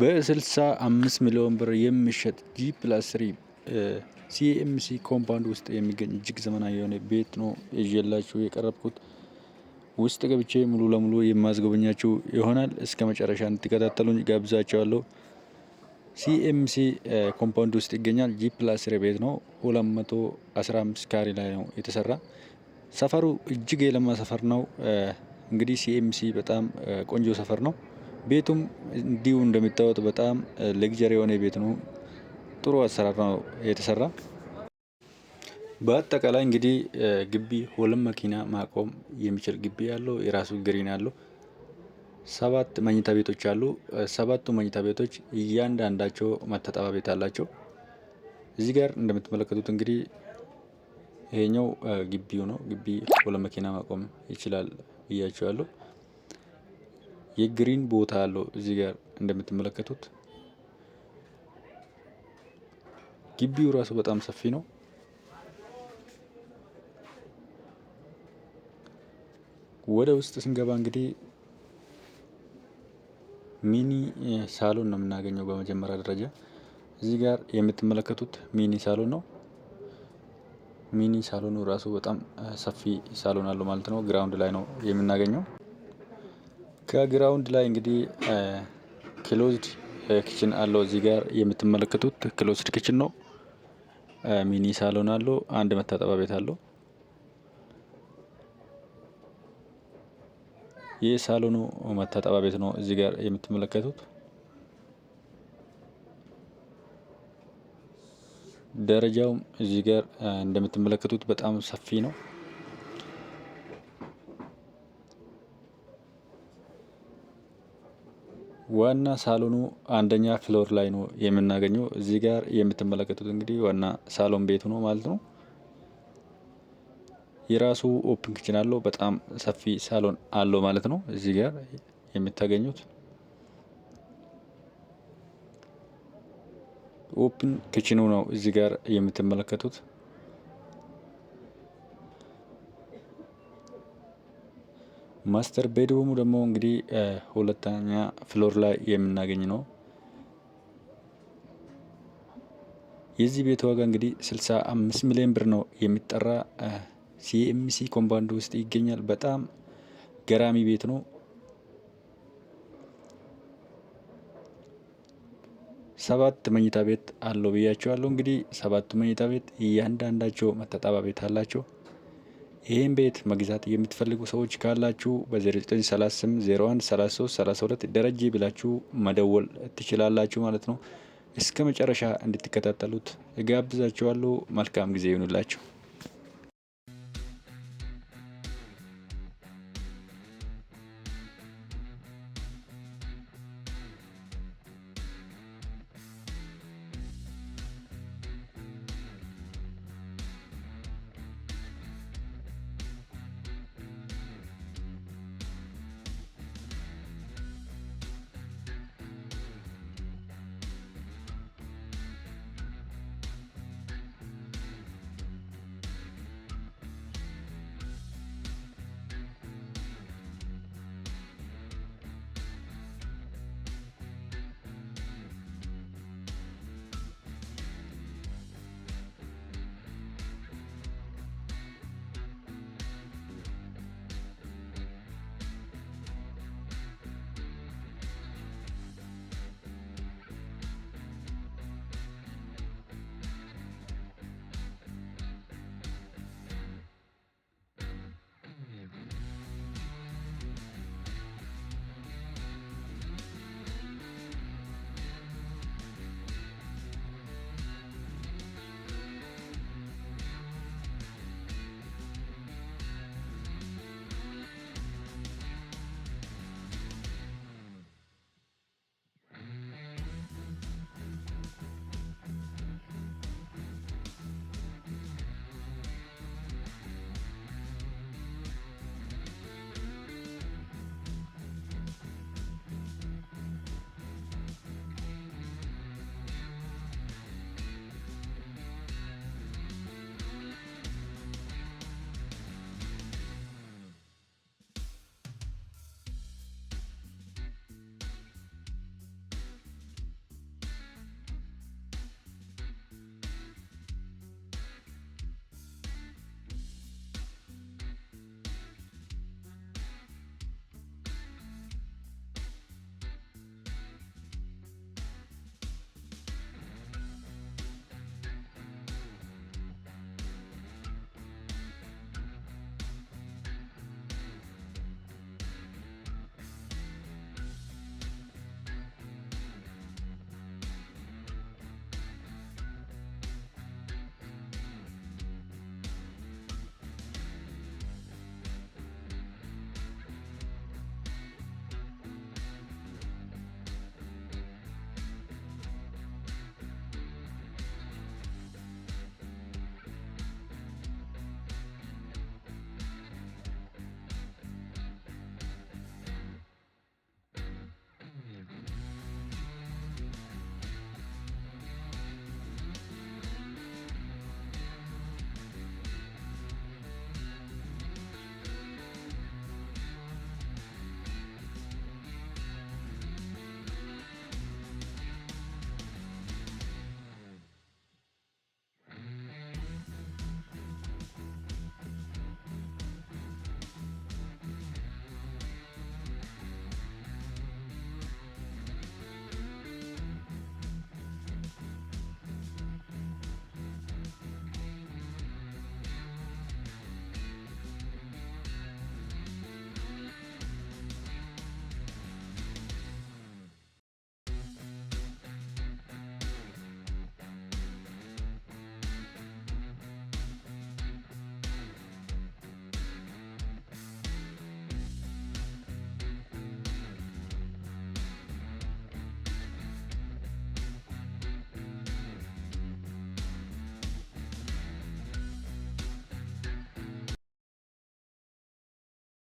በ65 ሚሊዮን ብር የሚሸጥ ጂ ፕላስ 3 ሲኤምሲ ኮምፓውንድ ውስጥ የሚገኝ እጅግ ዘመናዊ የሆነ ቤት ነው ይዤላችሁ የቀረብኩት። ውስጥ ገብቼ ሙሉ ለሙሉ የማስጎበኛችሁ ይሆናል። እስከ መጨረሻ እንድትከታተሉኝ ጋብዛችኋለሁ። ሲኤምሲ ኮምፓውንድ ውስጥ ይገኛል። ጂ ፕላስ ቤት ነው። 215 ካሬ ላይ ነው የተሰራ። ሰፈሩ እጅግ የለማ ሰፈር ነው። እንግዲህ ሲኤምሲ በጣም ቆንጆ ሰፈር ነው። ቤቱም እንዲሁ እንደሚታወቅ በጣም ለግጀር የሆነ ቤት ነው። ጥሩ አሰራር ነው የተሰራ። በአጠቃላይ እንግዲህ ግቢ ሁለት መኪና ማቆም የሚችል ግቢ ያለው የራሱ ግሪን አለው። ሰባት መኝታ ቤቶች አሉ። ሰባቱ መኝታ ቤቶች እያንዳንዳቸው መታጠባ ቤት አላቸው። እዚህ ጋር እንደምትመለከቱት እንግዲህ ይሄኛው ግቢው ነው። ግቢ ሁለት መኪና ማቆም ይችላል ያለው የግሪን ቦታ አለው እዚህ ጋር እንደምትመለከቱት ግቢው ራሱ በጣም ሰፊ ነው። ወደ ውስጥ ስንገባ እንግዲህ ሚኒ ሳሎን ነው የምናገኘው። በመጀመሪያ ደረጃ እዚህ ጋር የምትመለከቱት ሚኒ ሳሎን ነው። ሚኒ ሳሎኑ ራሱ በጣም ሰፊ ሳሎን አለው ማለት ነው። ግራውንድ ላይ ነው የምናገኘው። ከግራውንድ ላይ እንግዲህ ክሎዝድ ኪችን አለው። እዚህ ጋር የምትመለከቱት ክሎዝድ ኪችን ነው። ሚኒ ሳሎን አለው። አንድ መታጠቢያ ቤት አለው። ይህ ሳሎኑ መታጠቢያ ቤት ነው። እዚህ ጋር የምትመለከቱት ደረጃውም እዚህ ጋር እንደምትመለከቱት በጣም ሰፊ ነው። ዋና ሳሎኑ አንደኛ ፍሎር ላይ ነው የምናገኘው። እዚህ ጋር የምትመለከቱት እንግዲህ ዋና ሳሎን ቤቱ ነው ማለት ነው። የራሱ ኦፕን ኪችን አለው። በጣም ሰፊ ሳሎን አለው ማለት ነው። እዚህ ጋር የምታገኙት ኦፕን ኪችኑ ነው እዚህ ጋር የምትመለከቱት። ማስተር ቤድሩሙ ደግሞ እንግዲህ ሁለተኛ ፍሎር ላይ የምናገኝ ነው። የዚህ ቤት ዋጋ እንግዲህ 65 ሚሊዮን ብር ነው የሚጠራ ሲኤምሲ ኮምፓውንድ ውስጥ ይገኛል። በጣም ገራሚ ቤት ነው። ሰባት መኝታ ቤት አለው ብያቸዋለሁ። እንግዲህ ሰባት መኝታ ቤት እያንዳንዳቸው መተጣባ ቤት አላቸው። ይህን ቤት መግዛት የምትፈልጉ ሰዎች ካላችሁ በ0938 01 33 32 ደረጀ ብላችሁ መደወል ትችላላችሁ ማለት ነው። እስከ መጨረሻ እንድትከታተሉት እጋብዛችኋለሁ። መልካም ጊዜ ይሁንላችሁ።